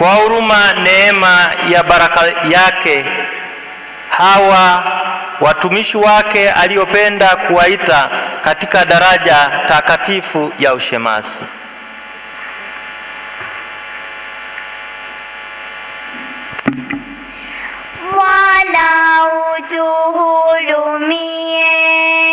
kwa huruma neema ya baraka yake hawa watumishi wake aliyopenda kuwaita katika daraja takatifu ya ushemasi. Mola utuhurumie.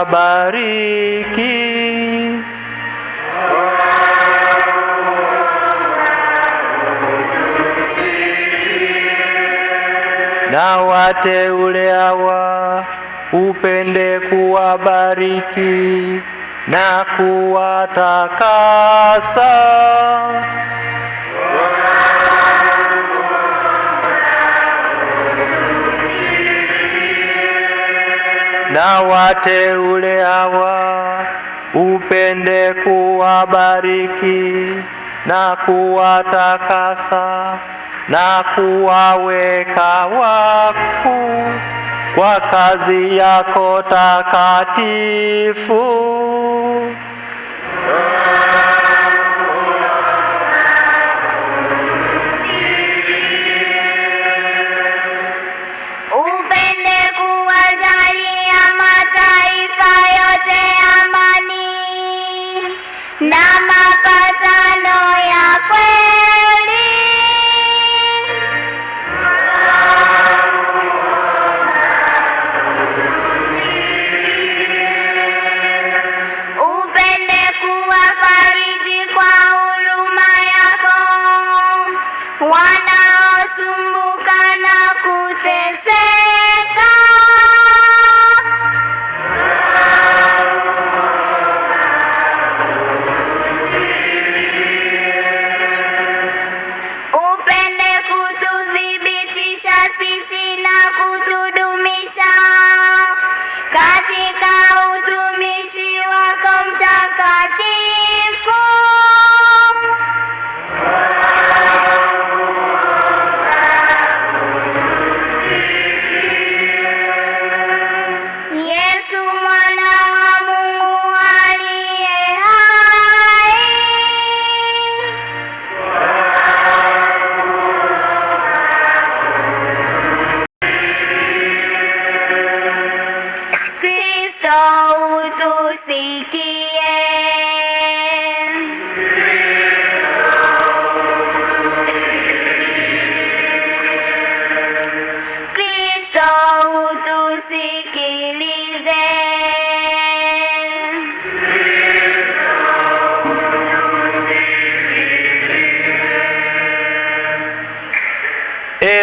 wabariki. Na wateule hawa upende kuwabariki na kuwatakasa na wateule hawa upende kuwabariki na kuwatakasa na kuwaweka wakfu kwa kazi yako takatifu.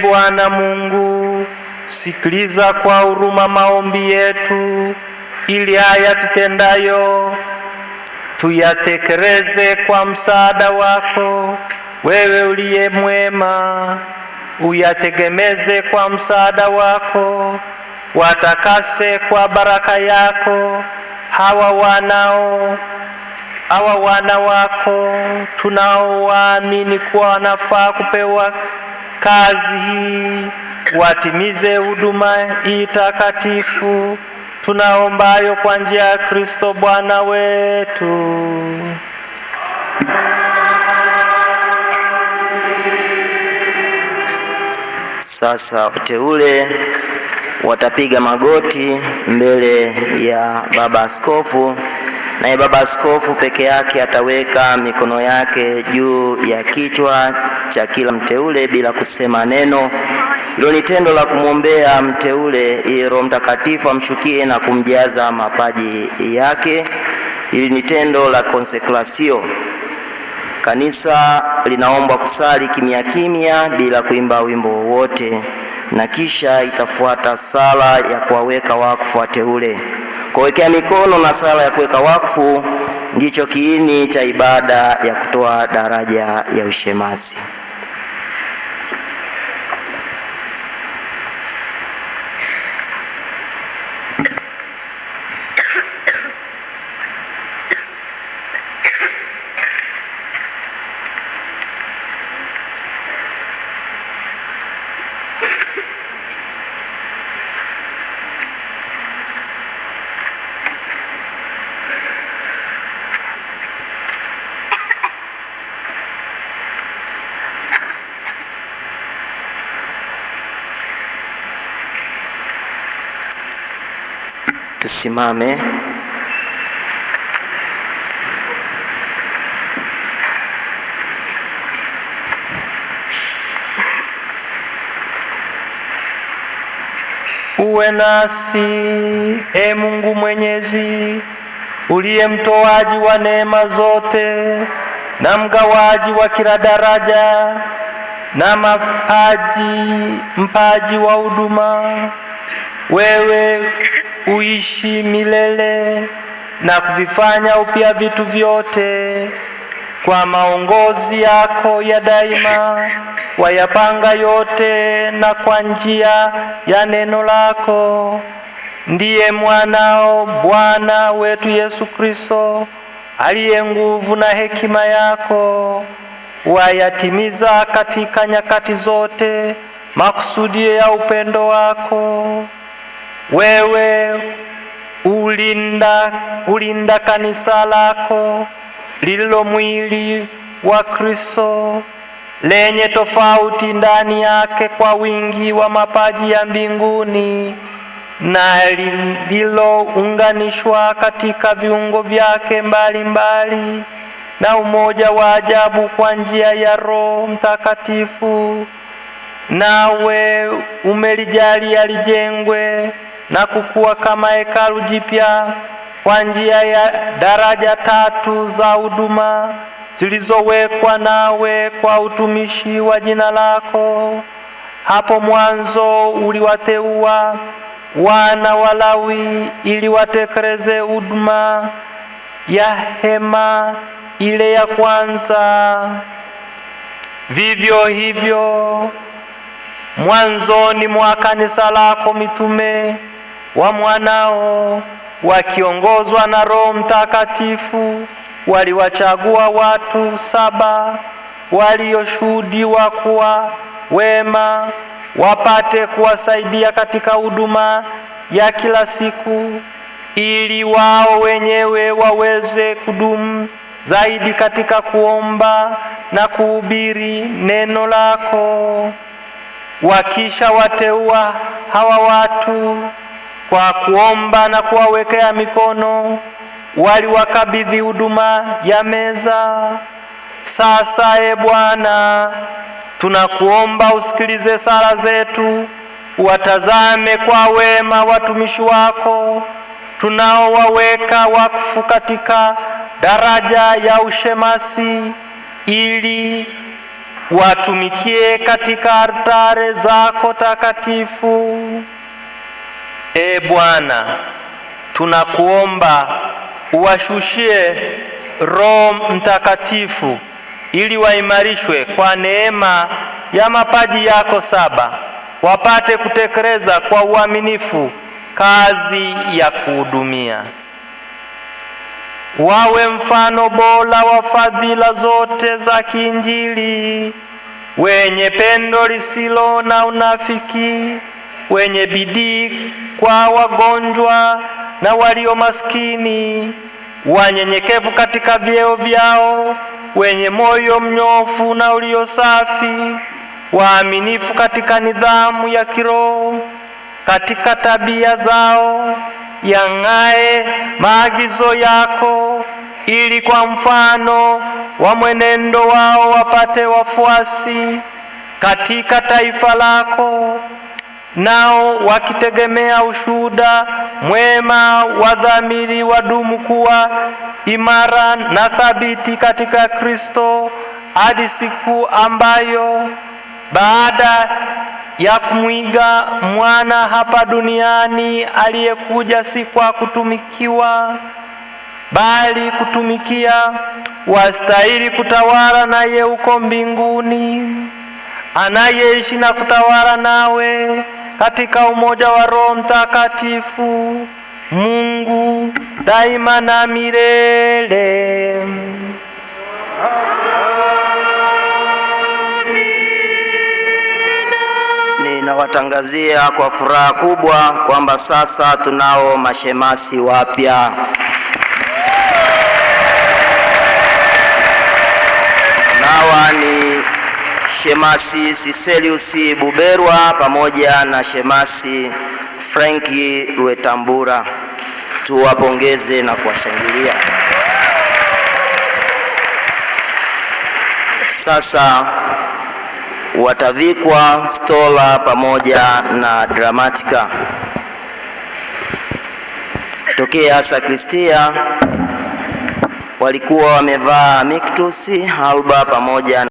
Bwana Mungu, sikiliza kwa huruma maombi yetu, ili haya tutendayo tuyatekeleze kwa msaada wako, wewe uliye mwema, uyategemeze kwa msaada wako, watakase kwa baraka yako hawa wanao hawa wana wako tunaowaamini kuwa wanafaa kupewa kazi hii, watimize huduma hii takatifu tunaombayo kwa njia ya Kristo Bwana wetu. Sasa wateule watapiga magoti mbele ya baba askofu, naye baba askofu peke yake ataweka mikono yake juu ya kichwa cha kila mteule bila kusema neno. Hilo ni tendo la kumwombea mteule ili Roho Mtakatifu amshukie na kumjaza mapaji yake. Hili ni tendo la konsekrasio. Kanisa linaombwa kusali kimya kimya bila kuimba wimbo wowote, na kisha itafuata sala ya kuwaweka wakfu wateule, kuwekea mikono na sala ya kuweka wakfu ndicho kiini cha ibada ya kutoa daraja ya ushemasi. Tusimame. Uwe nasi e Mungu Mwenyezi, uliye mtoaji wa neema zote na mgawaji wa kila daraja na mapaji mpaji wa huduma, wewe uishi milele na kuvifanya upya vitu vyote kwa maongozi yako ya daima, wayapanga yote na kwa njia ya neno lako. Ndiye mwanao Bwana wetu Yesu Kristo aliye nguvu na hekima yako, wayatimiza katika nyakati zote makusudio ya upendo wako. Wewe ulinda, ulinda kanisa lako lililo mwili wa Kristo lenye tofauti ndani yake kwa wingi wa mapaji ya mbinguni na lililounganishwa katika viungo vyake mbalimbali mbali, na umoja wa ajabu kwa njia ya Roho Mtakatifu, nawe umelijalia lijengwe na kukua kama hekalu jipya kwa njia ya daraja tatu za huduma zilizowekwa nawe kwa utumishi wa jina lako. Hapo mwanzo uliwateua wana wa Lawi ili watekeleze huduma ya hema ile ya kwanza. Vivyo hivyo mwanzoni mwa kanisa lako mitume wa mwanao wakiongozwa na Roho Mtakatifu waliwachagua watu saba walioshuhudiwa kuwa wema wapate kuwasaidia katika huduma ya kila siku ili wao wenyewe waweze kudumu zaidi katika kuomba na kuhubiri neno lako. Wakisha wateua hawa watu kwa kuomba na kuwawekea mikono waliwakabidhi huduma ya meza. Sasa e Bwana, tunakuomba usikilize sala zetu, watazame kwa wema watumishi wako tunaowaweka wakfu katika daraja ya ushemasi, ili watumikie katika altare zako takatifu e Bwana, tunakuomba uwashushie Roho Mtakatifu ili waimarishwe kwa neema ya mapaji yako saba, wapate kutekeleza kwa uaminifu kazi ya kuhudumia, wawe mfano bora wa fadhila zote za kiinjili, wenye pendo lisilo na unafiki, wenye bidii kwa wagonjwa na walio maskini, wanyenyekevu katika vyeo vyao, wenye moyo mnyofu na ulio safi, waaminifu katika nidhamu ya kiroho, katika tabia zao yang'ae maagizo yako, ili kwa mfano wa mwenendo wao wapate wafuasi katika taifa lako nao wakitegemea ushuhuda mwema wa dhamiri wadumu kuwa imara na thabiti katika Kristo hadi siku ambayo baada ya kumwiga mwana hapa duniani aliyekuja si kwa kutumikiwa bali kutumikia, wastahili kutawala naye uko mbinguni, anayeishi na kutawala nawe katika umoja wa Roho Mtakatifu, Mungu daima na milele. Ninawatangazia kwa furaha kubwa kwamba sasa tunao mashemasi wapya. Hawa ni Shemasi Siselius Buberwa pamoja na Shemasi Franki Wetambura, Tuwapongeze na kuwashangilia. Sasa watavikwa stola pamoja na dramatika tokea sakristia walikuwa wamevaa miktusi, halba pamoja na